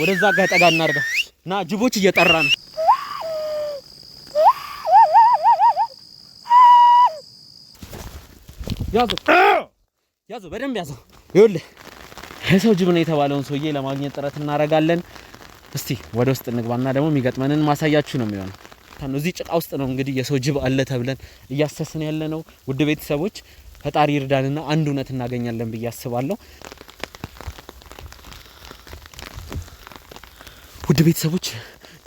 ወደዛ ጋር ጠጋ እናርጋ። ና ጅቦች እየጠራ ነው። ያዘው ያዘው፣ በደንብ ያዘው። ይኸውልህ የሰው ጅብ ነው የተባለውን ሰውዬ ለማግኘት ጥረት እናደርጋለን። እስቲ ወደ ውስጥ እንግባና ደግሞ የሚገጥመንን ማሳያችሁ ነው የሚሆነው። እዚህ ጭቃ ውስጥ ነው እንግዲህ የሰው ጅብ አለ ተብለን እያሰስን ያለ ነው። ውድ ቤተሰቦች ፈጣሪ እርዳንና አንድ እውነት እናገኛለን ብዬ አስባለሁ። ውድ ቤተሰቦች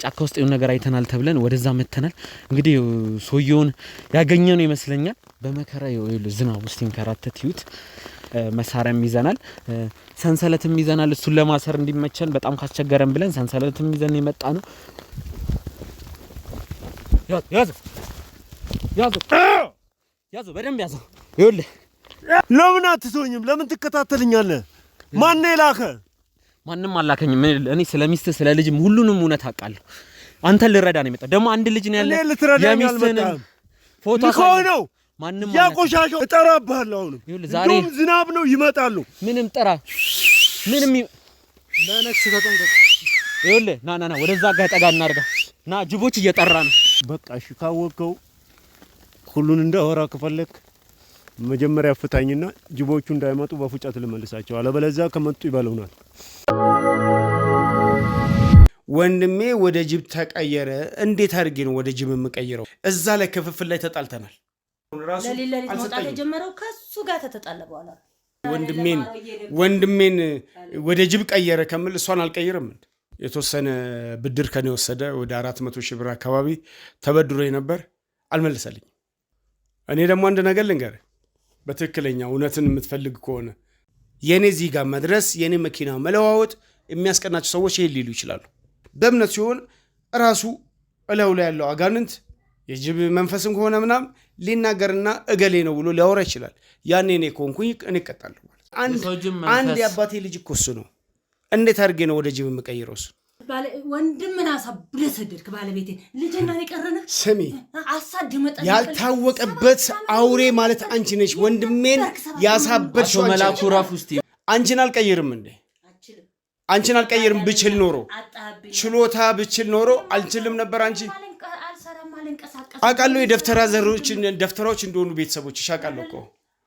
ጫካ ውስጥ የሆነ ነገር አይተናል ተብለን ወደዛ መተናል። እንግዲህ ሰውየውን ያገኘ ነው ይመስለኛል። በመከራ ዝናብ ውስጥ ይንከራተት ይዩት። መሳሪያም ይዘናል፣ ሰንሰለትም ይዘናል። እሱን ለማሰር እንዲመቸን በጣም ካስቸገረን ብለን ሰንሰለትም ይዘን የመጣ ነው። ያዙ በደንብ ያዙ። ይኸውልህ ለምን አትሰውኝም? ለምን ትከታተልኛለህ? ማነው የላከ ማንም አላከኝም። እኔ ስለ ሚስት ስለ ልጅም ሁሉንም እውነት አውቃለሁ። አንተ ልረዳ ነው የመጣው። ደግሞ አንድ ልጅ ነው ያለ የሚስትን ፎቶ ነው ማንም ያቆሻሸው እጠራብሃለሁ። አሁን እንደውም ዝናብ ነው ይመጣሉ። ምንም ጥራ ምንም ለነክስ ተጠንቀቅ። ይኸውልህ ና ና ና ወደዛ ጋር ጠጋ እናድርገው። ና ጅቦች እየጠራ ነው። በቃ እሺ ካወቀው ሁሉን እንዳወራ ከፈለክ መጀመሪያ ፍታኝና ጅቦቹ እንዳይመጡ በፉጨት ልመልሳቸው፣ አለበለዚያ ከመጡ ይበሉናል። ወንድሜ ወደ ጅብ ተቀየረ። እንዴት አድርጌ ነው ወደ ጅብ የምቀይረው? እዛ ላይ ክፍፍል ላይ ተጣልተናል። ለሌት መውጣት የጀመረው ከሱ ጋር ተተጣለ በኋላ ወንድሜን ወንድሜን ወደ ጅብ ቀየረ ከምል እሷን አልቀይርም። የተወሰነ ብድር ከኔ ወሰደ። ወደ አራት መቶ ሺህ ብር አካባቢ ተበድሮ ነበር፣ አልመለሰልኝም። እኔ ደግሞ አንድ ነገር ልንገር፣ በትክክለኛ እውነትን የምትፈልግ ከሆነ የእኔ እዚህ ጋር መድረስ የእኔ መኪና መለዋወጥ የሚያስቀናቸው ሰዎች ይሄን ሊሉ ይችላሉ። በእምነት ሲሆን ራሱ እለው ላይ ያለው አጋንንት የጅብ መንፈስም ከሆነ ምናምን ሊናገርና እገሌ ነው ብሎ ሊያወራ ይችላል። ያኔ እኔ ከሆንኩኝ እኔ እቀጣለሁ ማለት አንድ የአባቴ ልጅ እኮ እሱ ነው። እንዴት አድርጌ ነው ወደ ጅብ የምቀይረው እሱ ወንድምን አሳብለ ሰደድክ። ባለቤቴ ልጅና የቀረነ ያልታወቀበት አውሬ ማለት አንቺ ነሽ። ወንድሜን ያሳበድሽው መላኩ ራፍ ውስጥ አንቺን አልቀይርም እንዴ? አንቺን አልቀይርም ብችል ኖሮ ችሎታ ብችል ኖሮ አልችልም ነበር። አንቺ አውቃለሁ የደፍተራ ዘሮችን እንደሆኑ ቤተሰቦች አውቃለሁ እኮ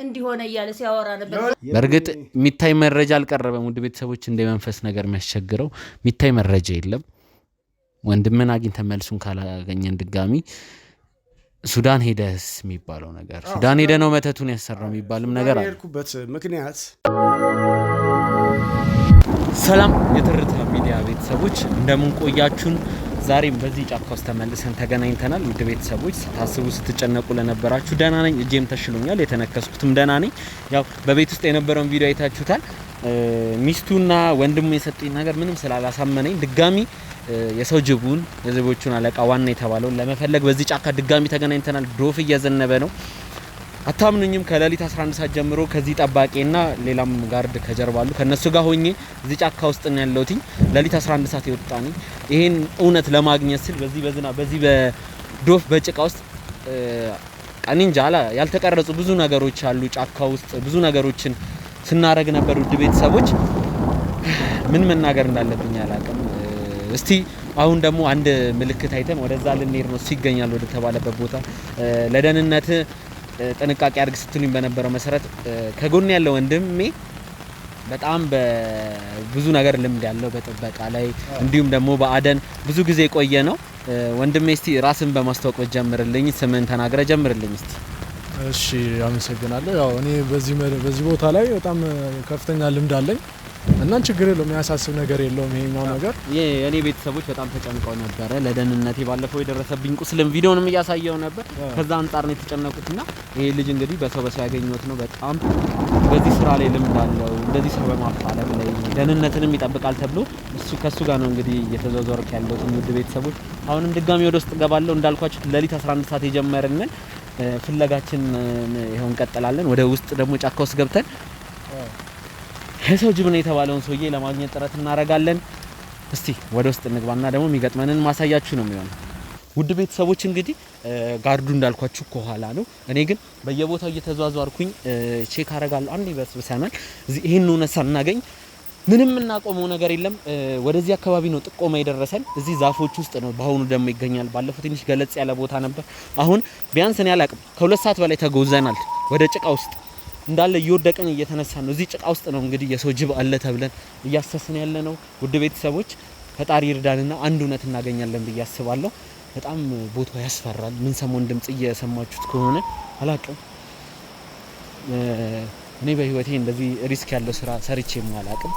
እንዲሆነ እያለ ሲያወራ ነበር። በእርግጥ የሚታይ መረጃ አልቀረበም። ውድ ቤተሰቦች እንደ መንፈስ ነገር የሚያስቸግረው የሚታይ መረጃ የለም። ወንድምን አግኝተን መልሱን ካላገኘን ድጋሚ ሱዳን ሄደስ የሚባለው ነገር ሱዳን ሄደ ነው መተቱን ያሰራው የሚባልም ነገር አለ። ምክንያት ሰላም፣ የትርታ ሚዲያ ቤተሰቦች እንደምን ቆያችሁን? ዛሬም በዚህ ጫካ ውስጥ ተመልሰን ተገናኝተናል። ውድ ቤተሰቦች ስታስቡ ስትጨነቁ ለነበራችሁ ደህና ነኝ፣ እጄም ተሽሎኛል፣ የተነከስኩትም ደህና ነኝ። ያው በቤት ውስጥ የነበረውን ቪዲዮ አይታችሁታል። ሚስቱና ወንድሙ የሰጡኝ ነገር ምንም ስላላሳመነኝ ድጋሚ የሰው ጅቡን የዘቦቹን አለቃ ዋና የተባለውን ለመፈለግ በዚህ ጫካ ድጋሚ ተገናኝተናል። ዶፍ እየዘነበ ነው። አታምኑኝም ከሌሊት 11 ሰዓት ጀምሮ ከዚህ ጠባቂና ሌላም ጋርድ ከጀርባ አሉ ከነሱ ጋር ሆኜ እዚህ ጫካ ውስጥ ነው ያለሁትኝ። ሌሊት 11 ሰዓት የወጣኝ ይሄን እውነት ለማግኘት ስል በዚህ በዝና በዚህ በዶፍ በጭቃ ውስጥ ቀኒንጃ አላ ያልተቀረጹ ብዙ ነገሮች አሉ። ጫካ ውስጥ ብዙ ነገሮችን ስናረግ ነበር። ውድ ቤተሰቦች ምን መናገር እንዳለብኝ አላቅም። እስቲ አሁን ደግሞ አንድ ምልክት አይተን ወደዛ ልንሄድ ነው። እሱ ይገኛል ወደ ተባለበት ቦታ ለደህንነት ጥንቃቄ አድርግ ስትሉኝ በነበረው መሰረት ከጎን ያለው ወንድሜ በጣም ብዙ ነገር ልምድ ያለው በጥበቃ ላይ እንዲሁም ደግሞ በአደን ብዙ ጊዜ የቆየ ነው። ወንድሜ እስቲ ራስን በማስተዋወቅ ጀምርልኝ፣ ስምን ተናግረ ጀምርልኝ እስቲ። እሺ፣ አመሰግናለሁ። ያው እኔ በዚህ ቦታ ላይ በጣም ከፍተኛ ልምድ አለኝ። እና ችግር የለውም፣ የሚያሳስብ ነገር የለውም። ይሄኛው ነገር የእኔ ቤተሰቦች በጣም ተጨንቀው ነበረ ለደህንነቴ። ባለፈው የደረሰብኝ ቁስልም ቪዲዮንም እያሳየው ነበር። ከዛ አንጻር ነው የተጨነቁትና ና ይሄ ልጅ እንግዲህ በሰው በሰው ያገኘት ነው። በጣም በዚህ ስራ ላይ ልምድ አለው፣ እንደዚህ ሰው በማፋለም ላይ ደህንነትንም ይጠብቃል ተብሎ እሱ ከእሱ ጋር ነው እንግዲህ እየተዘዋወርኩ ያለው ውድ ቤተሰቦች አሁንም ድጋሚ ወደ ውስጥ እገባለሁ። እንዳልኳችሁ ሌሊት 11 ሰዓት የጀመርን ፍለጋችን ይኸው እንቀጥላለን። ወደ ውስጥ ደግሞ ጫካ ውስጥ ገብተን የሰው ጅብ ነው የተባለውን ሰውዬ ለማግኘት ጥረት እናደርጋለን። እስቲ ወደ ውስጥ እንግባና ደግሞ የሚገጥመንን ማሳያችሁ ነው የሚሆነው። ውድ ቤተሰቦች እንግዲህ ጋርዱ እንዳልኳችሁ ከኋላ ነው። እኔ ግን በየቦታው እየተዟዟርኩኝ ቼክ አረጋለሁ። አንድ ይበስብሰናል። እዚህ ይህን እውነት ሳናገኝ ምንም እናቆመው ነገር የለም። ወደዚህ አካባቢ ነው ጥቆማ የደረሰን። እዚህ ዛፎች ውስጥ ነው በአሁኑ ደግሞ ይገኛል። ባለፈው ትንሽ ገለጽ ያለ ቦታ ነበር። አሁን ቢያንስ እኔ አላቅም ከሁለት ሰዓት በላይ ተጎዘናል ወደ ጭቃ ውስጥ እንዳለ እየወደቀን እየተነሳ ነው። እዚህ ጭቃ ውስጥ ነው እንግዲህ የሰው ጅብ አለ ተብለን እያሰስን ያለ ነው። ውድ ቤተሰቦች ፈጣሪ ይርዳንና አንድ እውነት እናገኛለን ብዬ አስባለሁ። በጣም ቦታው ያስፈራል። ምን ሰሞን ድምጽ እየሰማችሁት ከሆነ አላቅም። እኔ በህይወቴ እንደዚህ ሪስክ ያለው ስራ ሰርቼም አላቅም።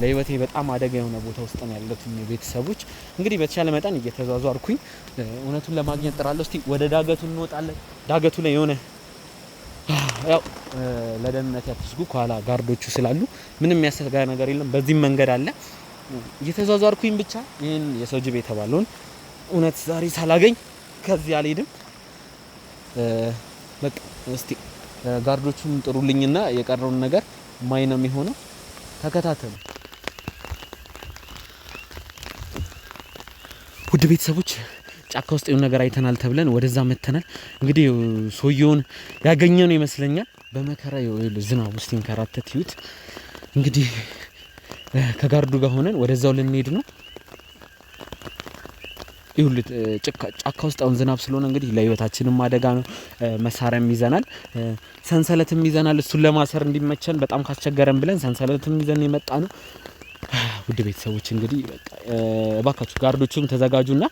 ለህይወቴ በጣም አደጋ የሆነ ቦታ ውስጥ ነው ያለሁት። ቤተሰቦች እንግዲህ በተቻለ መጠን እየተዟዟርኩኝ እውነቱን ለማግኘት ጥራለሁ። እስቲ ወደ ዳገቱ እንወጣለን። ዳገቱ ላይ የሆነ ያው ለደህንነት ያትስጉ ከኋላ ጋርዶቹ ስላሉ ምንም የሚያሰጋ ነገር የለም። በዚህም መንገድ አለ እየተዟዟርኩኝ ብቻ ይህን የሰው ጅብ የተባለውን እውነት ዛሬ ሳላገኝ ከዚህ አልሄድም። በቃ እስቲ ጋርዶቹም ጥሩልኝና የቀረውን ነገር ማይ ነው የሚሆነው። ተከታተሉ ውድ ቤተሰቦች። ጫካ ውስጥ የሆነ ነገር አይተናል ተብለን ወደዛ መተናል። እንግዲህ ሰውየውን ያገኘ ነው ይመስለኛል። በመከራ ዝናብ ውስጥ ይንከራተት ይዩት። እንግዲህ ከጋርዱ ጋር ሆነን ወደዛው ልንሄድ ነው። ይሁሉ ጫካ ውስጥ አሁን ዝናብ ስለሆነ እንግዲህ ለህይወታችንም አደጋ ነው። መሳሪያም ይዘናል፣ ሰንሰለትም ይዘናል። እሱን ለማሰር እንዲመቸን በጣም ካስቸገረን ብለን ሰንሰለትም ይዘን የመጣ ነው። ውድ ቤተሰቦች እንግዲህ እባካችሁ ጋርዶቹም ተዘጋጁና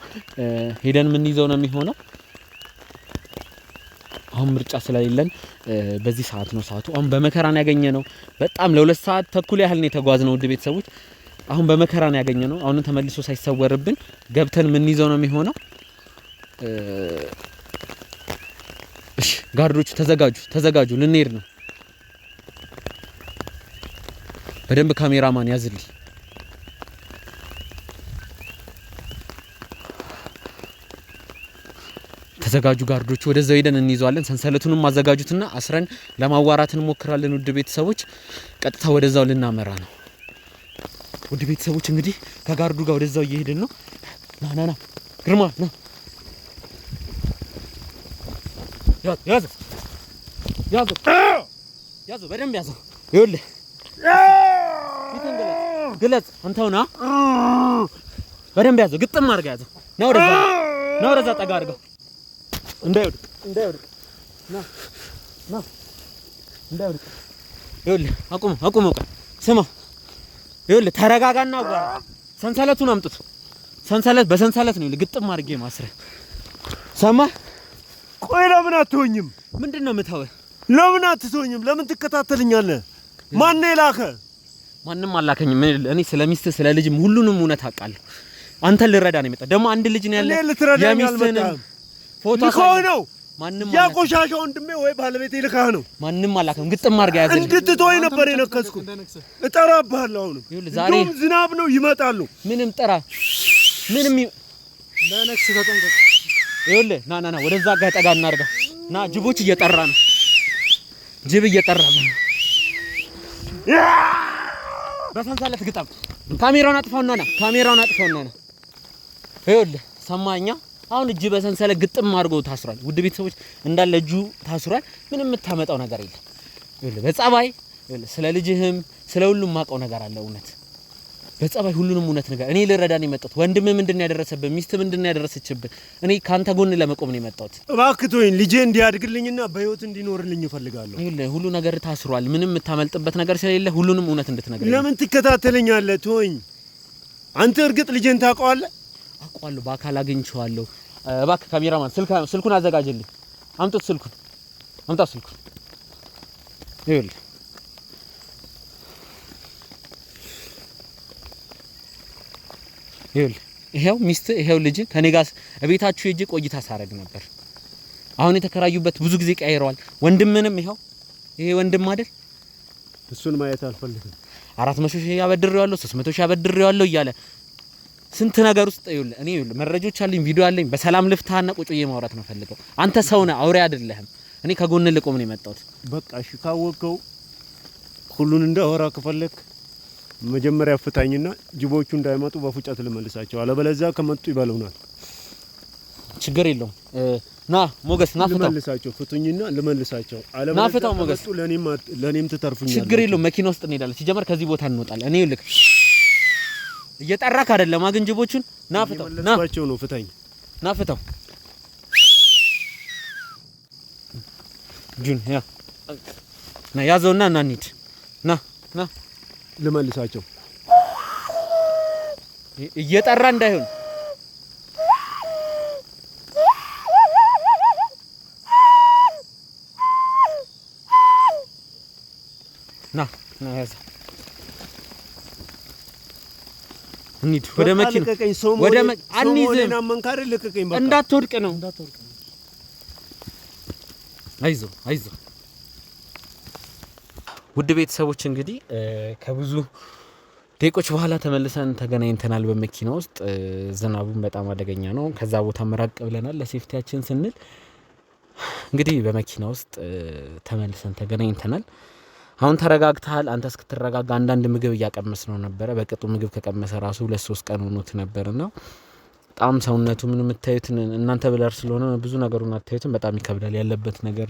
ሄደን የምንይዘው ነው የሚሆነው። አሁን ምርጫ ስለሌለን በዚህ ሰዓት ነው ሰዓቱ። አሁን በመከራን ያገኘ ነው። በጣም ለሁለት ሰዓት ተኩል ያህል ነው የተጓዝ ነው ውድ ቤተሰቦች። አሁን በመከራን ያገኘ ነው። አሁንም ተመልሶ ሳይሰወርብን ገብተን የምንይዘው ነው የሚሆነው። እሺ ጋርዶቹ ተዘጋጁ፣ ተዘጋጁ፣ ልንሄድ ነው። በደንብ ካሜራማን ያዝልኝ። ተዘጋጁ ጋርዶች፣ ወደዛው ሄደን እንይዘዋለን። ሰንሰለቱንም ማዘጋጁትና አስረን ለማዋራት እንሞክራለን። ውድ ቤተሰቦች ቀጥታ ወደዛው ልናመራ ነው። ውድ ቤተሰቦች እንግዲህ ከጋርዱ ጋር ወደዛው እየሄድን ነው። ና ና ና ግርማ ና ያዘ ያዘ ያዘ በደንብ ያዘ። ይኸውልህ ግለጽ አንተውና በደንብ ያዘው፣ ግጥም አድርገህ ያዘው። ና ወደዛ ና ወደዛ ጠጋ አድርገው እንዳይወድቅ እንዳይወድቅ ና ና እንዳይወድቅ። ይኸውልህ አቁም አቁም። እውቀት ስማ፣ ይኸውልህ ተረጋጋና አዋራ። ሰንሰለቱን አምጡት። ሰንሰለት በሰንሰለት ነው ግጥም አድርጌ ማስረህ። ሰማህ? ቆይ ለምን አትሆኝም? ምንድን ነው የምታወ- ለምን አትሆኝም? ለምን ትከታተልኛለህ? ማነው የላከ? ማንም አላከኝም። እኔ ስለ ሚስት ስለ ልጅም ሁሉንም እውነት አውቃለሁ። አንተን ልረዳ ነው የመጣሁት። ደግሞ አንድ ልጅ ነው ያለ የሚስትህን ፎቶ ነው። ማንም ያ ወንድሜ ወይ ባለቤቴ ልካህ ነው። ማንም አላከም። ግጥም አድርጋ ያዘኝ። እንድትተወኝ ነበር እጠራብሃለሁ። ዝናብ ነው ይመጣሉ። ምንም ጥራ ምንም ለነክስ ተጠንቀቅ። ይኸውልህ ና ና ና፣ ወደዛ ጋር ጠጋ እናድርገው። ና ጅቦች እየጠራ ነው። ጅብ እየጠራ ነው። በሰንሰለት ግጠም። ካሜራውን አጥፋውና ና፣ ካሜራውን አጥፋውና ና። ይኸውልህ አሁን እጅ በሰንሰለት ግጥም አድርጎ ታስሯል። ውድ ቤተሰቦች እንዳለ እጁ ታስሯል። ምንም የምታመጣው ነገር የለም። በጸባይ ስለ ልጅህም ስለ ሁሉም ማቀው ነገር አለ። እውነት በጸባይ ሁሉንም እውነት ነገር እኔ ልረዳን የመጣሁት ወንድም ምንድን ያደረሰብህ፣ ሚስት ምንድን ያደረሰችብህ፣ እኔ ካንተ ጎን ለመቆም ነው የመጣሁት። እባክቶኝ ልጄ እንዲያድግልኝና በህይወት እንዲኖርልኝ እፈልጋለሁ። ሁሉ ነገር ታስሯል። ምንም የምታመልጥበት ነገር ስለሌለ ሁሉንም እውነት እንድትነግረኝ። ለምን ትከታተለኛለህ? ቶኝ አንተ እርግጥ ልጄን ታውቀዋለህ? አውቀዋለሁ፣ በአካል አግኝቼዋለሁ። እባክህ ካሜራማን ስልኩን አዘጋጅልኝ፣ አምጡት፣ ስልኩን አምጣ፣ ስልኩን ይኸውልህ። ይሄው ሚስት ይሄው ልጅ ከኔ ጋር እቤታችሁ ሄጄ ቆይታ ሳረግ ነበር። አሁን የተከራዩበት ብዙ ጊዜ ቀይረዋል። ወንድምንም ይሄው ይሄ ወንድም አይደል እሱን ማየት አልፈልግም። አራት መቶ ሺህ ያበድሬዋለሁ፣ ሶስት መቶ ሺህ ያበድሬዋለሁ እያለ ስንት ነገር ውስጥ ይውል እኔ ይውል መረጃዎች አለኝ፣ ቪዲዮ አለኝ። በሰላም ልፍታና ቁጭ ብዬ ማውራት ነው ፈልገው። አንተ ሰው ነህ፣ አውሬ አይደለህም። እኔ ከጎን ልቆም ነው የመጣሁት። በቃ እሺ፣ ካወቀው ሁሉን እንዳወራ ከፈለክ መጀመሪያ ፍታኝና ጅቦቹ እንዳይመጡ በፉጨት ልመልሳቸው፣ አለበለዚያ ከመጡ ይበሉናል። ችግር የለውም። ና ሞገስ፣ ና ፍታው፣ ልመልሳቸው። ፍቱኝና ልመልሳቸው። ና ፍታው ሞገስ፣ ለኔም ለኔም ትተርፉኛለህ። ችግር የለውም። መኪና ውስጥ እንሄዳለን። ሲጀመር ከዚህ ቦታ እንወጣለን። እኔ ይልክ እየጠራክ አይደለም። አግንጅቦቹን ናፍተው ናፍተው ነው ፍታኝ፣ ናፍተው ጁን ያ ና ያዘውና እና እንሂድ። ና ና ልመልሳቸው። እየጠራ እንዳይሆን ና ና ያዘው እንሂድ ወደ መኪና ወደ እንዳትወድቅ ነው። አይዞ አይዞ። ውድ ቤተሰቦች እንግዲህ ከብዙ ደቆች በኋላ ተመልሰን ተገናኝተናል በመኪና ውስጥ። ዝናቡን በጣም አደገኛ ነው። ከዛ ቦታ መራቅ ብለናል ለሴፍቲያችን ስንል እንግዲህ በመኪና ውስጥ ተመልሰን ተገናኝተናል። አሁን ተረጋግተሃል። አንተ እስክትረጋጋ አንዳንድ ምግብ እያቀመስ ነው ነበረ። በቅጡ ምግብ ከቀመሰ ራሱ ሁለት ሶስት ቀን ሆኖት ነበር ና በጣም ሰውነቱ ምን የምታዩትን እናንተ ብለር ስለሆነ ብዙ ነገሩን አታዩትን። በጣም ይከብዳል ያለበት ነገር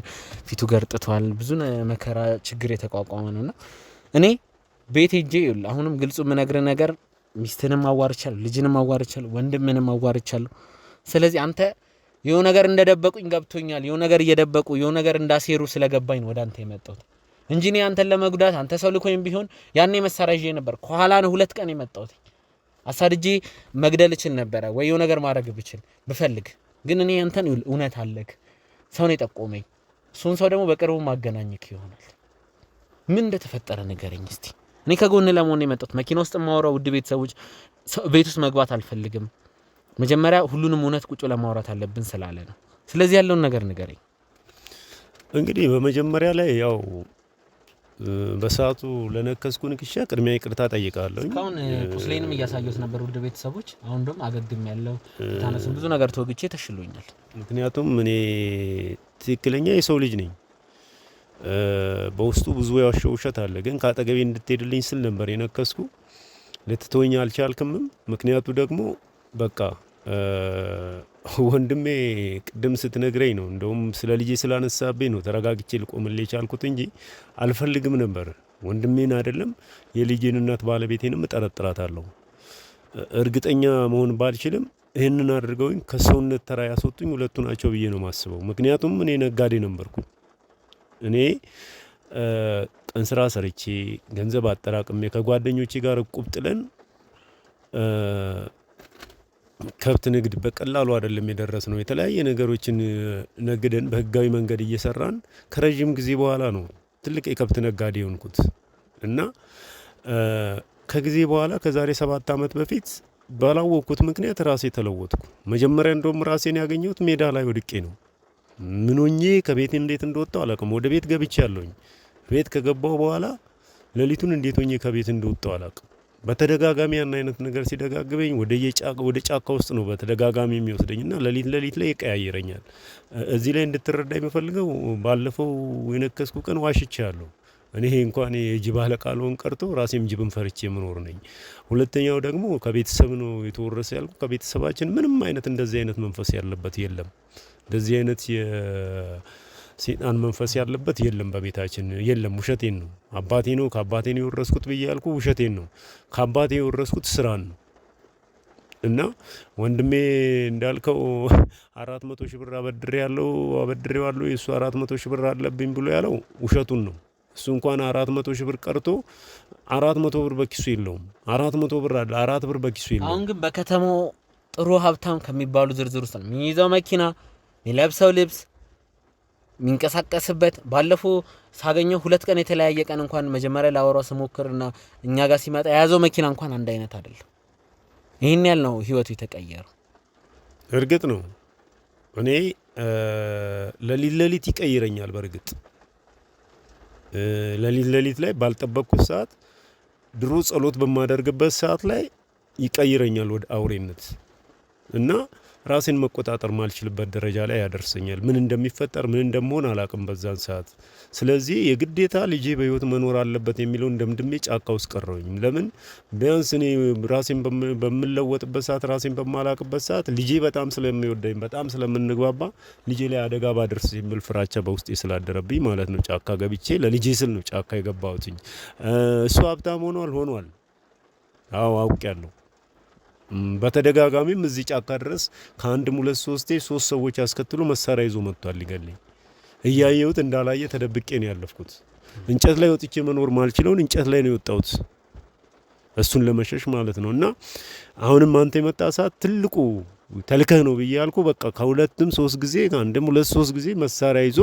ፊቱ ገርጥቷል። ብዙ መከራ ችግር የተቋቋመ ነው ና እኔ ቤት ሄጄ አሁንም ግልጹ ምነግር ነገር ሚስትንም አዋርቻለሁ፣ ልጅንም አዋርቻለሁ፣ ወንድምንም አዋርቻለሁ። ስለዚህ አንተ የሆነ ነገር እንደደበቁኝ ገብቶኛል። የሆነ ነገር እየደበቁ የሆነ ነገር እንዳሴሩ ስለገባኝ ወደ አንተ የመጣሁት እንጂ እኔ አንተን ለመጉዳት አንተ ሰው ልኮኝ ቢሆን ያኔ መሳሪያ ይዤ ነበር። ከኋላ ነው ሁለት ቀን የመጣሁት። አሳድጄ መግደል እችል ነበረ ወይ ነገር ማድረግ ብችል ብፈልግ፣ ግን እኔ አንተን እውነት አለክ ሰውን የጠቆመኝ እሱን ሰው ደግሞ በቅርቡ ማገናኘክ ይሆናል። ምን እንደተፈጠረ ንገረኝ እስቲ። እኔ ከጎን ለመሆን የመጣሁት መኪና ውስጥ የማወራው ውድ ቤተሰቦች፣ ቤት ውስጥ መግባት አልፈልግም። መጀመሪያ ሁሉንም እውነት ቁጭ ለማውራት አለብን ስላለ ነው። ስለዚህ ያለውን ነገር ንገረኝ። እንግዲህ በመጀመሪያ ላይ ያው በሰዓቱ ለነከስኩ ንክሻ ቅድሚያ ይቅርታ ጠይቃለሁ። እስካሁን ቁስሌንም እያሳየሁት ነበር ውድ ቤተሰቦች። አሁን ደም አገግም ያለው ታነስም ብዙ ነገር ተወግቼ ተሽሎኛል። ምክንያቱም እኔ ትክክለኛ የሰው ልጅ ነኝ። በውስጡ ብዙ ያዋሸው ውሸት አለ። ግን ከአጠገቤ እንድትሄድልኝ ስል ነበር የነከስኩ። ልትተወኝ አልቻልክምም። ምክንያቱ ደግሞ በቃ ወንድሜ ቅድም ስትነግረኝ ነው እንደውም ስለ ልጄ ስላነሳብኝ ነው ተረጋግቼ ልቆምል የቻልኩት እንጂ አልፈልግም ነበር። ወንድሜን አይደለም የልጄን እናት ባለቤቴንም እጠረጥራታለሁ። እርግጠኛ መሆን ባልችልም ይህንን አድርገውኝ ከሰውነት ተራ ያስወጡኝ ሁለቱ ናቸው ብዬ ነው ማስበው ምክንያቱም እኔ ነጋዴ ነበርኩ። እኔ ቀን ስራ ሰርቼ ገንዘብ አጠራቅሜ ከጓደኞቼ ጋር እቁብ ጥለን ከብት ንግድ በቀላሉ አይደለም ነው። የተለያየ ነገሮችን ነግደን በህጋዊ መንገድ እየሰራን ከረጅም ጊዜ በኋላ ነው ትልቅ የከብት ነጋዴ የሆንኩት እና ከጊዜ በኋላ ከዛሬ ሰባት ዓመት በፊት ባላወቅኩት ምክንያት ራሴ ተለወጥኩ። መጀመሪያ እንደውም ራሴን ያገኘሁት ሜዳ ላይ ወድቄ ነው። ምን ሆኜ ከቤት እንዴት እንደወጣው አላቅም። ወደ ቤት ገብቼ ያለውኝ ቤት ከገባው በኋላ ሌሊቱን እንዴት ሆኜ ከቤት እንደወጣው አላቅም። በተደጋጋሚ ያን አይነት ነገር ሲደጋግበኝ ወደ ጫካ ውስጥ ነው በተደጋጋሚ የሚወስደኝ እና ለሊት ላይ ይቀያየረኛል። እዚህ ላይ እንድትረዳ የምፈልገው ባለፈው የነከስኩ ቀን ዋሽቻለሁ። እኔ እንኳን የጅብ አለቃ ልሆን ቀርቶ ራሴም ጅብን ፈርቼ የምኖር ነኝ። ሁለተኛው ደግሞ ከቤተሰብ ነው የተወረሰ ያልኩ። ከቤተሰባችን ምንም አይነት እንደዚህ አይነት መንፈስ ያለበት የለም። እንደዚህ አይነት ሴጣን መንፈስ ያለበት የለም፣ በቤታችን የለም። ውሸቴን ነው። አባቴ ነው ከአባቴን የወረስኩት ብዬ ያልኩ ውሸቴን ነው። ከአባቴ የወረስኩት ስራን ነው። እና ወንድሜ እንዳልከው አራት መቶ ሺህ ብር አበድሬ ያለው አበድሬ ያለው የእሱ አራት መቶ ሺህ ብር አለብኝ ብሎ ያለው ውሸቱን ነው። እሱ እንኳን አራት መቶ ሺህ ብር ቀርቶ አራት መቶ ብር በኪሱ የለውም። አራት መቶ ብር አለ አራት ብር በኪሱ የለውም። አሁን ግን በከተማው ጥሩ ሀብታም ከሚባሉ ዝርዝር ውስጥ ነው የሚይዘው መኪና፣ የሚለብሰው ልብስ የሚንቀሳቀስበት ባለፉ ሳገኘው ሁለት ቀን የተለያየ ቀን እንኳን መጀመሪያ ስሞክር ስሞክርና እኛ ጋር ሲመጣ የያዘው መኪና እንኳን አንድ አይነት አይደለም። ይህን ያህል ነው ህይወቱ የተቀየረው። እርግጥ ነው እኔ ለሊት ለሊት ይቀይረኛል። በእርግጥ ለሊት ለሊት ላይ ባልጠበቅኩት ሰዓት ድሮ ጸሎት በማደርግበት ሰዓት ላይ ይቀይረኛል ወደ አውሬነት እና ራሴን መቆጣጠር ማልችልበት ደረጃ ላይ ያደርሰኛል። ምን እንደሚፈጠር ምን እንደመሆን አላቅም በዛን ሰዓት። ስለዚህ የግዴታ ልጄ በህይወት መኖር አለበት የሚለው እንደምድሜ ጫካ ውስጥ ቀረውኝም። ለምን ቢያንስ እኔ ራሴን በምለወጥበት ሰዓት፣ ራሴን በማላቅበት ሰዓት ልጄ በጣም ስለሚወደኝ በጣም ስለምንግባባ ልጄ ላይ አደጋ ባደርስ የሚል ፍራቻ በውስጤ ስላደረብኝ ማለት ነው ጫካ ገብቼ ለልጄ ስል ነው ጫካ የገባሁትኝ። እሱ ሀብታም ሆኗል ሆኗል፣ አዎ ያለው በተደጋጋሚም እዚህ ጫካ ድረስ ከአንድም ሁለት ሶስቴ ሶስት ሰዎች አስከትሎ መሳሪያ ይዞ መጥቷል ሊገለኝ። እያየሁት እንዳላየ ተደብቄ ነው ያለፍኩት። እንጨት ላይ ወጥቼ መኖር ማልችለውን እንጨት ላይ ነው የወጣሁት፣ እሱን ለመሸሽ ማለት ነው። እና አሁንም አንተ የመጣ ሰዓት ትልቁ ተልከህ ነው ብዬ ያልኩ በቃ ከሁለትም ሶስት ጊዜ ከአንድም ሁለት ሶስት ጊዜ መሳሪያ ይዞ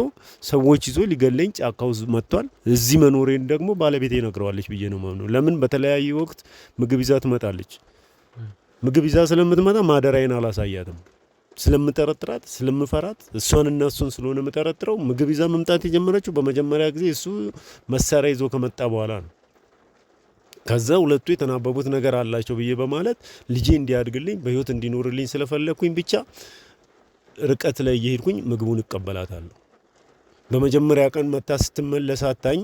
ሰዎች ይዞ ሊገለኝ ጫካ ውስጥ መጥቷል። እዚህ መኖሬን ደግሞ ባለቤቴ ነግረዋለች ብዬ ነው ማምነው። ለምን በተለያየ ወቅት ምግብ ይዛ ትመጣለች። ምግብ ይዛ ስለምትመጣ ማደራዬን አላሳያትም። ስለምጠረጥራት ስለምፈራት እሷን እና እሱን ስለሆነ የምጠረጥረው ምግብ ይዛ መምጣት የጀመረችው በመጀመሪያ ጊዜ እሱ መሳሪያ ይዞ ከመጣ በኋላ ነው። ከዛ ሁለቱ የተናበቡት ነገር አላቸው ብዬ በማለት ልጄ እንዲያድግልኝ በህይወት እንዲኖርልኝ ስለፈለግኩኝ ብቻ ርቀት ላይ እየሄድኩኝ ምግቡን እቀበላታለሁ። በመጀመሪያ ቀን መታ ስትመለስ አታኝ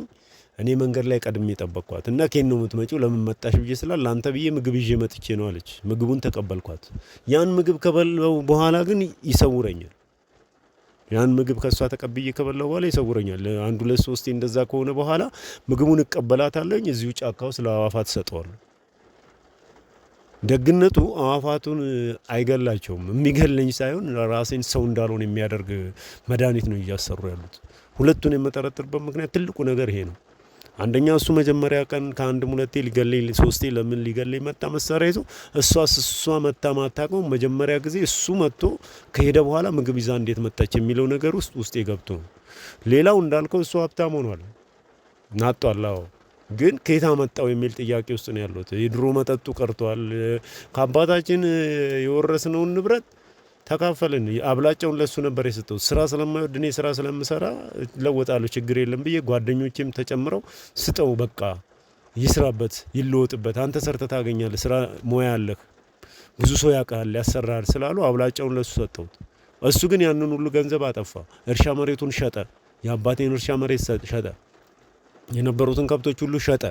እኔ መንገድ ላይ ቀድሜ የጠበቅኳት እና ኬት ነው የምትመጪው ለምን መጣሽ ብዬ ስላል ለአንተ ብዬ ምግብ ይዤ መጥቼ ነው አለች። ምግቡን ተቀበልኳት። ያን ምግብ ከበላው በኋላ ግን ይሰውረኛል። ያን ምግብ ከእሷ ተቀብዬ ከበላው በኋላ ይሰውረኛል። አንድ ሁለት ሶስቴ እንደዛ ከሆነ በኋላ ምግቡን እቀበላታለኝ። እዚሁ ጫካ ውስጥ ለአዋፋት እሰጠዋለሁ። ደግነቱ አዋፋቱን አይገላቸውም። የሚገለኝ ሳይሆን ራሴን ሰው እንዳልሆን የሚያደርግ መድኃኒት ነው እያሰሩ ያሉት። ሁለቱን የመጠረጥርበት ምክንያት ትልቁ ነገር ይሄ ነው። አንደኛ እሱ መጀመሪያ ቀን ከአንድ ሁለቴ ሊገለኝ ሶስቴ ለምን ሊገለኝ መጣ መሳሪያ ይዞ። እሷ እሷ መታ ማታቀው መጀመሪያ ጊዜ እሱ መጥቶ ከሄደ በኋላ ምግብ ይዛ እንዴት መጣች የሚለው ነገር ውስጥ ውስጤ ገብቶ ነው። ሌላው እንዳልከው እሱ ሀብታም ሆኗል ናጧል። አዎ ግን ከየት አመጣው የሚል ጥያቄ ውስጥ ነው ያለሁት። የድሮ መጠጡ ቀርቷል። ከአባታችን የወረስነውን ንብረት ተካፈልን። አብላጫውን ለሱ ነበር የሰጠው። ስራ ስለማይወድ እኔ ስራ ስለምሰራ ለወጣለሁ፣ ችግር የለም ብዬ ጓደኞቼም ተጨምረው ስጠው፣ በቃ ይስራበት፣ ይለወጥበት። አንተ ሰርተ ታገኛለህ፣ ስራ ሙያ አለህ፣ ብዙ ሰው ያውቃል፣ ያሰራል ስላሉ አብላጫውን ለሱ ሰጠውት። እሱ ግን ያንን ሁሉ ገንዘብ አጠፋ። እርሻ መሬቱን ሸጠ። የአባቴን እርሻ መሬት ሸጠ። የነበሩትን ከብቶች ሁሉ ሸጠ።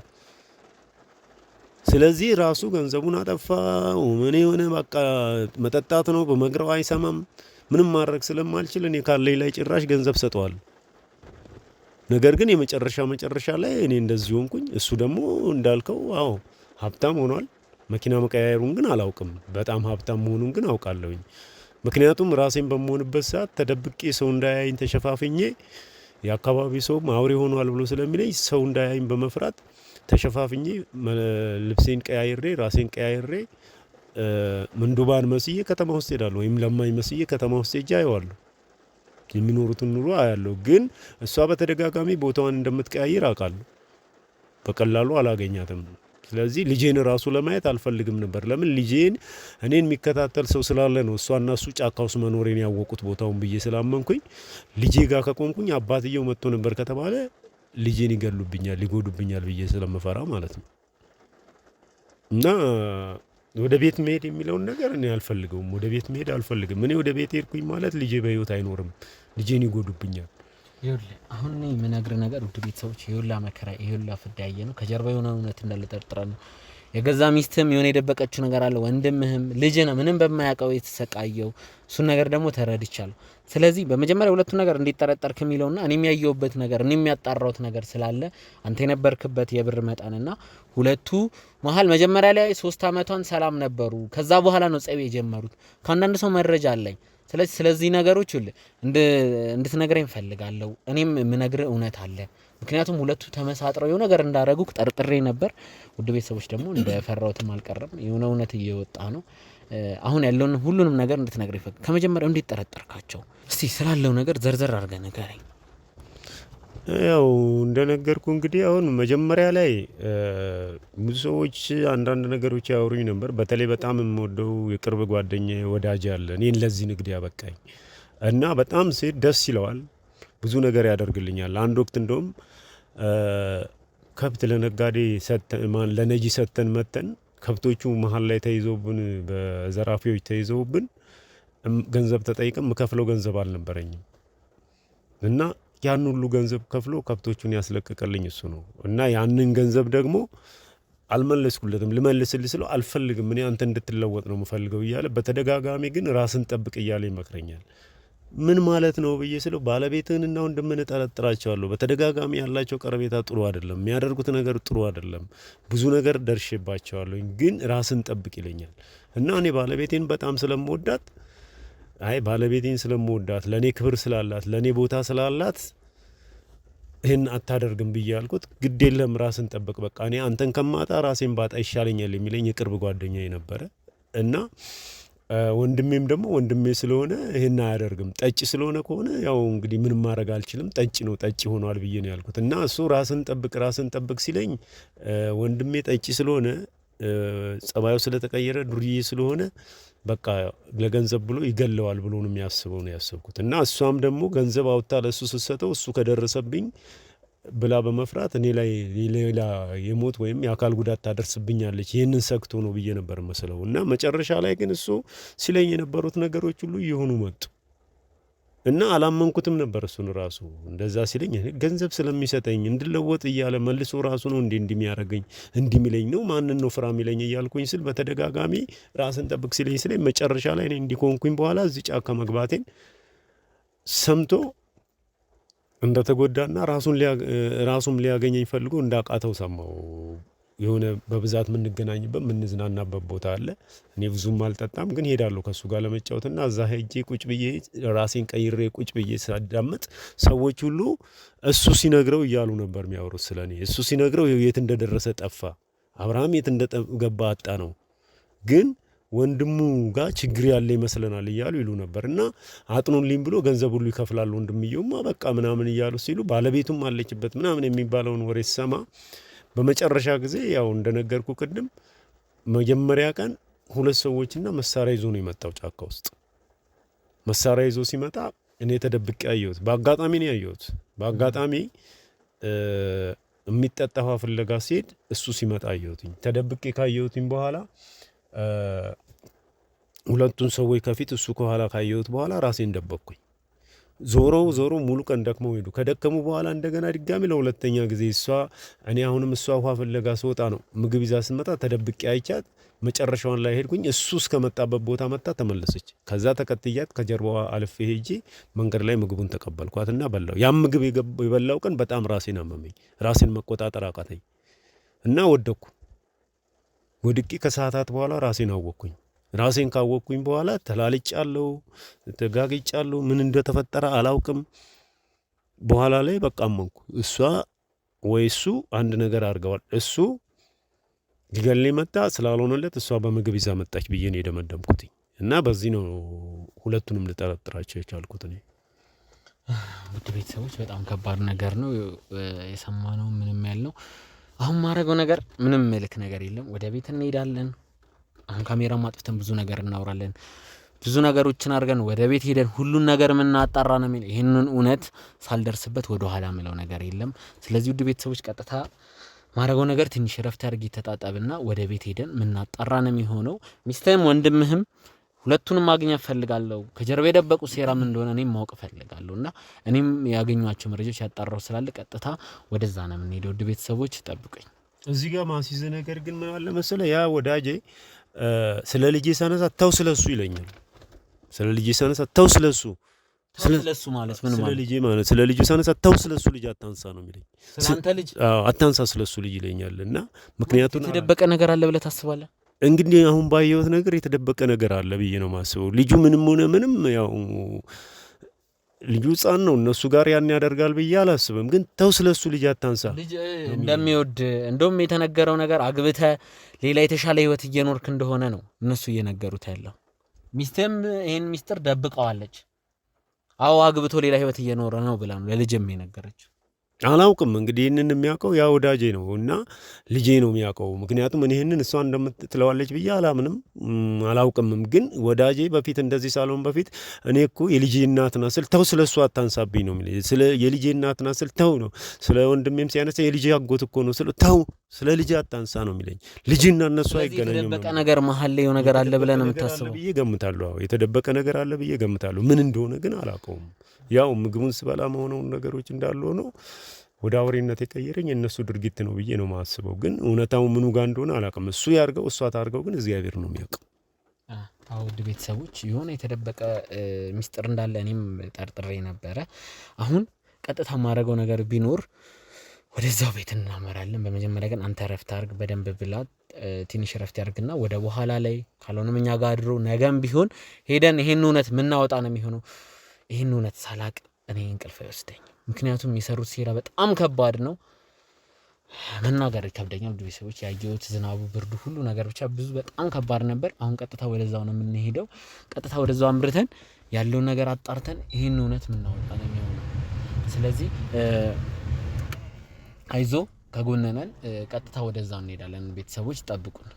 ስለዚህ ራሱ ገንዘቡን አጠፋ ምን የሆነ በቃ መጠጣት ነው። በመግረው አይሰማም። ምንም ማድረግ ስለማልችል እኔ ካለኝ ላይ ጭራሽ ገንዘብ ሰጠዋል። ነገር ግን የመጨረሻ መጨረሻ ላይ እኔ እንደዚህ ሆንኩኝ። እሱ ደግሞ እንዳልከው አዎ ሀብታም ሆኗል። መኪና መቀያየሩን ግን አላውቅም። በጣም ሀብታም መሆኑን ግን አውቃለሁኝ። ምክንያቱም ራሴን በመሆንበት ሰዓት ተደብቄ ሰው እንዳያይኝ ተሸፋፍኜ የአካባቢ ሰውም አውሬ ሆኗል ብሎ ስለሚለኝ ሰው እንዳያይኝ በመፍራት ተሸፋፍኜ ልብሴን ቀያይሬ ራሴን ቀያይሬ ምንዱባን መስዬ ከተማ ውስጥ ሄዳለሁ፣ ወይም ለማኝ መስዬ ከተማ ውስጥ ሄጄ አየዋለሁ። የሚኖሩትን ኑሮ አያለሁ። ግን እሷ በተደጋጋሚ ቦታዋን እንደምትቀያይር አውቃለሁ። በቀላሉ አላገኛትም። ስለዚህ ልጄን ራሱ ለማየት አልፈልግም ነበር። ለምን ልጄን እኔን የሚከታተል ሰው ስላለ ነው። እሷና እሱ ጫካ ውስጥ መኖሬን ያወቁት ቦታውን ብዬ ስላመንኩኝ ልጄ ጋር ከቆምኩኝ አባትየው መጥቶ ነበር ከተባለ ልጄን ይገሉብኛል፣ ይጎዱብኛል ብዬ ስለምፈራ ማለት ነው። እና ወደ ቤት መሄድ የሚለውን ነገር እኔ አልፈልገውም። ወደ ቤት መሄድ አልፈልግም። እኔ ወደ ቤት ሄድኩኝ ማለት ልጄ በህይወት አይኖርም፣ ልጄን ይጎዱብኛል። ይኸውልህ አሁን እኔ የምነግርህ ነገር ውድ ቤተሰቦች፣ የሁላ መከራ የሁላ ፍዳ ያየ ነው ከጀርባ የሆነ እውነት እንዳለ ጠርጥረን የገዛ ሚስትህም የሆነ የደበቀችው ነገር አለ። ወንድምህም ልጅ ነው ምንም በማያውቀው የተሰቃየው። እሱን ነገር ደግሞ ተረድቻለሁ። ስለዚህ በመጀመሪያ ሁለቱ ነገር እንዲጠረጠርክ የሚለውና እኔ የሚያየውበት ነገር እኔ የሚያጣራውት ነገር ስላለ አንተ የነበርክበት የብር መጠንና ሁለቱ መሀል መጀመሪያ ላይ ሶስት አመቷን ሰላም ነበሩ። ከዛ በኋላ ነው ጸብ የጀመሩት። ከአንዳንድ ሰው መረጃ አለኝ። ስለዚህ ስለዚህ ነገሮች ሁሉ እንድትነግረኝ እፈልጋለሁ። እኔም የምነግርህ እውነት አለ ምክንያቱም ሁለቱ ተመሳጥረው የሆነ ነገር እንዳረጉ ጠርጥሬ ነበር። ውድ ቤተሰቦች ደግሞ እንደፈራሁትም አልቀረም። የሆነ እውነት እየወጣ ነው። አሁን ያለውን ሁሉንም ነገር እንድትነግር ይፈ ከመጀመሪያው እንዴት ጠረጠርካቸው? እስቲ ስላለው ነገር ዘርዘር አድርገ ንገረኝ። ያው እንደነገርኩ እንግዲህ አሁን መጀመሪያ ላይ ብዙ ሰዎች አንዳንድ ነገሮች ያወሩኝ ነበር። በተለይ በጣም የምወደው የቅርብ ጓደኛ ወዳጅ አለ እኔን ለዚህ ንግድ ያበቃኝ እና በጣም ሴት ደስ ይለዋል ብዙ ነገር ያደርግልኛል። አንድ ወቅት እንደውም ከብት ለነጋዴ ሰተን ለነጂ ሰተን መተን ከብቶቹ መሀል ላይ ተይዘውብን በዘራፊዎች ተይዘውብን ገንዘብ ተጠይቅም ምከፍለው ገንዘብ አልነበረኝም እና ያን ሁሉ ገንዘብ ከፍሎ ከብቶቹን ያስለቀቀልኝ እሱ ነው እና ያንን ገንዘብ ደግሞ አልመለስኩለትም። ልመልስል ስለው አልፈልግም፣ እኔ አንተ እንድትለወጥ ነው የምፈልገው እያለ በተደጋጋሚ ግን ራስን ጠብቅ እያለ ይመክረኛል። ምን ማለት ነው ብዬ ስለው እና ወንድምህን እጠረጥራቸዋለሁ። በተደጋጋሚ ያላቸው ቀረቤታ ጥሩ አይደለም፣ የሚያደርጉት ነገር ጥሩ አይደለም። ብዙ ነገር ደርሼባቸዋለሁኝ፣ ግን ራስን ጠብቅ ይለኛል እና እኔ ባለቤቴን በጣም ስለምወዳት አይ ባለቤቴን ስለምወዳት ለእኔ ክብር ስላላት ለእኔ ቦታ ስላላት ይህን አታደርግም ብዬ ያልኩት ግድ የለም ራስን ጠብቅ፣ በቃ እኔ አንተን ከማጣ ራሴን ባጣ ይሻለኛል የሚለኝ የቅርብ ጓደኛ ነበረ እና ወንድሜም ደግሞ ወንድሜ ስለሆነ ይህን አያደርግም። ጠጭ ስለሆነ ከሆነ ያው እንግዲህ ምንም ማድረግ አልችልም። ጠጭ ነው ጠጭ ሆኗል ብዬ ነው ያልኩት። እና እሱ ራስን ጠብቅ ራስን ጠብቅ ሲለኝ ወንድሜ ጠጭ ስለሆነ ጸባዩ ስለተቀየረ ዱርዬ ስለሆነ በቃ ለገንዘብ ብሎ ይገለዋል ብሎ ነው የሚያስበው ነው ያሰብኩት። እና እሷም ደግሞ ገንዘብ አውጥታ ለእሱ ስትሰጠው እሱ ከደረሰብኝ ብላ በመፍራት እኔ ላይ ሌላ የሞት ወይም የአካል ጉዳት ታደርስብኛለች ይህንን ሰግቶ ነው ብዬ ነበር መስለው እና መጨረሻ ላይ ግን እሱ ሲለኝ የነበሩት ነገሮች ሁሉ እየሆኑ መጡ እና አላመንኩትም ነበር። እሱን ራሱ እንደዛ ሲለኝ ገንዘብ ስለሚሰጠኝ እንድለወጥ እያለ መልሶ ራሱ ነው እንዲ እንዲሚያደርገኝ እንዲሚለኝ ነው ማንን ነው ፍራ ሚለኝ እያልኩኝ ስል በተደጋጋሚ ራስን ጠብቅ ሲለኝ ስለኝ መጨረሻ ላይ እንዲኮንኩኝ በኋላ እዚህ ጫካ መግባቴን ሰምቶ እንደተጎዳና ራሱም ሊያገኘኝ ፈልጎ እንዳቃተው ሰማው። የሆነ በብዛት የምንገናኝበት የምንዝናናበት ቦታ አለ። እኔ ብዙም አልጠጣም፣ ግን ሄዳለሁ ከእሱ ጋር ለመጫወትና እዛ ሄጄ ቁጭ ብዬ ራሴን ቀይሬ ቁጭ ብዬ ሳዳምጥ ሰዎች ሁሉ እሱ ሲነግረው እያሉ ነበር የሚያወሩት ስለ እኔ። እሱ ሲነግረው የት እንደደረሰ ጠፋ፣ አብርሃም የት እንደገባ አጣ ነው ግን ወንድሙ ጋር ችግር ያለ ይመስለናል እያሉ ይሉ ነበር። እና አጥኑልኝ ብሎ ገንዘብ ሁሉ ይከፍላል ወንድምየውማ በቃ ምናምን እያሉ ሲሉ ባለቤቱም አለችበት ምናምን የሚባለውን ወሬ ሰማ። በመጨረሻ ጊዜ ያው እንደነገርኩ ቅድም መጀመሪያ ቀን ሁለት ሰዎችና መሳሪያ ይዞ ነው የመጣው። ጫካ ውስጥ መሳሪያ ይዞ ሲመጣ እኔ ተደብቄ ያየሁት በአጋጣሚ ነው ያየሁት። በአጋጣሚ የሚጠጣ ውሃ ፍለጋ ሲሄድ እሱ ሲመጣ አየሁትኝ። ተደብቄ ካየሁትኝ በኋላ ሁለቱን ሰዎች ከፊት እሱ ከኋላ ካየሁት በኋላ ራሴን ደበቅኩኝ። ዞሮ ዞሮ ሙሉ ቀን ደክመው ሄዱ። ከደከሙ በኋላ እንደገና ድጋሚ ለሁለተኛ ጊዜ እሷ እኔ አሁንም እሷ ውሃ ፍለጋ ስወጣ ነው ምግብ ይዛ ስመጣ ተደብቄ አይቻት መጨረሻዋን ላይ ሄድኩኝ። እሱ እስከመጣበት ቦታ መጣ፣ ተመለሰች። ከዛ ተከትያት ከጀርባዋ አልፌ ሄጄ መንገድ ላይ ምግቡን ተቀበልኳትና በላው። ያም ምግብ የበላው ቀን በጣም ራሴን አመመኝ፣ ራሴን መቆጣጠር አቃተኝ እና ወደኩ። ወድቄ ከሰዓታት በኋላ ራሴን አወቅኩኝ። ራሴን ካወቅኩኝ በኋላ ተላልጫለሁ፣ ተጋግጫለሁ። ምን እንደተፈጠረ አላውቅም። በኋላ ላይ በቃ አመንኩ። እሷ ወይ እሱ አንድ ነገር አድርገዋል። እሱ ሊገሌ መጣ ስላልሆነለት እሷ በምግብ ይዛ መጣች ብዬ ነው የደመደምኩት እና በዚህ ነው ሁለቱንም ልጠረጥራቸው የቻልኩት እኔ። ውድ ቤተሰቦች በጣም ከባድ ነገር ነው የሰማነው ምንም ያልነው አሁን ማድረገው ነገር ምንም ምልክ ነገር የለም። ወደ ቤት እንሄዳለን። አሁን ካሜራ ማጥፍተን ብዙ ነገር እናወራለን። ብዙ ነገሮችን አድርገን ወደ ቤት ሄደን ሁሉን ነገር የምናጣራ ነው የሚል ይህንን እውነት ሳልደርስበት ወደ ኋላ ምለው ነገር የለም። ስለዚህ ውድ ቤተሰቦች ቀጥታ ማድረገው ነገር ትንሽ ረፍት አድርግ፣ ተጣጠብና ወደ ቤት ሄደን የምናጣራ ነው የሚሆነው። ሚስትህም ወንድምህም ሁለቱንም ማግኘት ፈልጋለሁ። ከጀርባ የደበቁ ሴራ ምን እንደሆነ እኔም ማወቅ ፈልጋለሁ እና እኔም ያገኟቸው መረጃዎች ያጣራው ስላለ ቀጥታ ወደዛ ነው የምንሄደው። ውድ ቤተሰቦች ጠብቀኝ። እዚህ ጋር ማስይዘ ነገር ግን ምን አለ መሰለ፣ ያ ወዳጄ ስለ ልጄ ሳነሳ ተው ስለሱ ይለኛል። ስለ ልጄ ሳነሳ ተው ስለሱ ስለሱ ማለት ምን ማለት? ስለ ልጄ ማለት ስለ ልጁ ሳነሳ ተው ስለሱ ልጅ አታንሳ ነው የሚለኝ። ስላንተ ልጅ አዎ፣ አታንሳ ስለሱ ልጅ ይለኛል። እና ምክንያቱን የተደበቀ ነገር አለ ብለህ ታስባለህ? እንግዲህ አሁን ባየሁት ነገር የተደበቀ ነገር አለ ብዬ ነው ማስበው። ልጁ ምንም ሆነ ምንም ያው ልጁ ሕፃን ነው እነሱ ጋር ያን ያደርጋል ብዬ አላስብም። ግን ተው ስለ እሱ ልጅ አታንሳ እንደሚወድ እንደውም የተነገረው ነገር አግብተ ሌላ የተሻለ ህይወት እየኖርክ እንደሆነ ነው እነሱ እየነገሩት ያለው። ሚስትም ይህን ሚስጥር ደብቀዋለች። አዎ አግብቶ ሌላ ህይወት እየኖረ ነው ብላ ነው ለልጅም የነገረችው። አላውቅም እንግዲህ ይህንን የሚያውቀው ያ ወዳጄ ነው እና ልጄ ነው የሚያውቀው። ምክንያቱም እኔ ይህንን እሷ እንደምትለዋለች ብዬ አላምንም አላውቅምም። ግን ወዳጄ በፊት እንደዚህ ሳልሆን በፊት እኔ እኮ የልጄ እናትና ስል ተው ስለ እሷ አታንሳብኝ ነው የሚለኝ። ስለ የልጄ እናትና ስል ተው ነው። ስለ ወንድሜም ሲያነሳ የልጄ አጎት እኮ ነው ስለ ተው ስለ ልጄ አታንሳ ነው የሚለኝ። ልጅና እነሱ አይገናኙም። የተደበቀ ነገር መሀል ላይ ነገር አለ ብለህ ነው የምታስበው ብዬ ገምታለሁ። የተደበቀ ነገር አለ ብዬ ገምታለሁ። ምን እንደሆነ ግን አላውቀውም። ያው ምግቡን ስበላ መሆነውን ነገሮች እንዳሉ ሆኖ ወደ አውሬነት የቀየረኝ የእነሱ ድርጊት ነው ብዬ ነው ማስበው። ግን እውነታው ምኑ ጋር እንደሆነ አላውቅም። እሱ ያርገው እሷ ታርገው፣ ግን እግዚአብሔር ነው የሚያውቀው። አውድ ቤተሰቦች የሆነ የተደበቀ ሚስጥር እንዳለ እኔም ጠርጥሬ ነበረ። አሁን ቀጥታ ማድረገው ነገር ቢኖር ወደዛው ቤት እናመራለን። በመጀመሪያ ግን አንተ ረፍት አርግ፣ በደንብ ብላ፣ ትንሽ ረፍት ያርግና ወደ በኋላ ላይ ካልሆነም እኛ ጋር አድሮ ነገም ቢሆን ሄደን ይሄን እውነት ምናወጣ ነው የሚሆነው። ይህን እውነት ሳላቅ እኔ እንቅልፍ አይወስደኝ። ምክንያቱም የሰሩት ሴራ በጣም ከባድ ነው። መናገር ይከብደኛል። ውድ ቤተሰቦች ያየሁት ዝናቡ፣ ብርዱ፣ ሁሉ ነገር ብቻ ብዙ በጣም ከባድ ነበር። አሁን ቀጥታ ወደዛው ነው የምንሄደው። ቀጥታ ወደዛው አምርተን ያለውን ነገር አጣርተን ይህን እውነት የምናወጣ ነው የሚሆነው። ስለዚህ አይዞ ከጎነነን ቀጥታ ወደዛ እንሄዳለን። ቤተሰቦች ጠብቁን።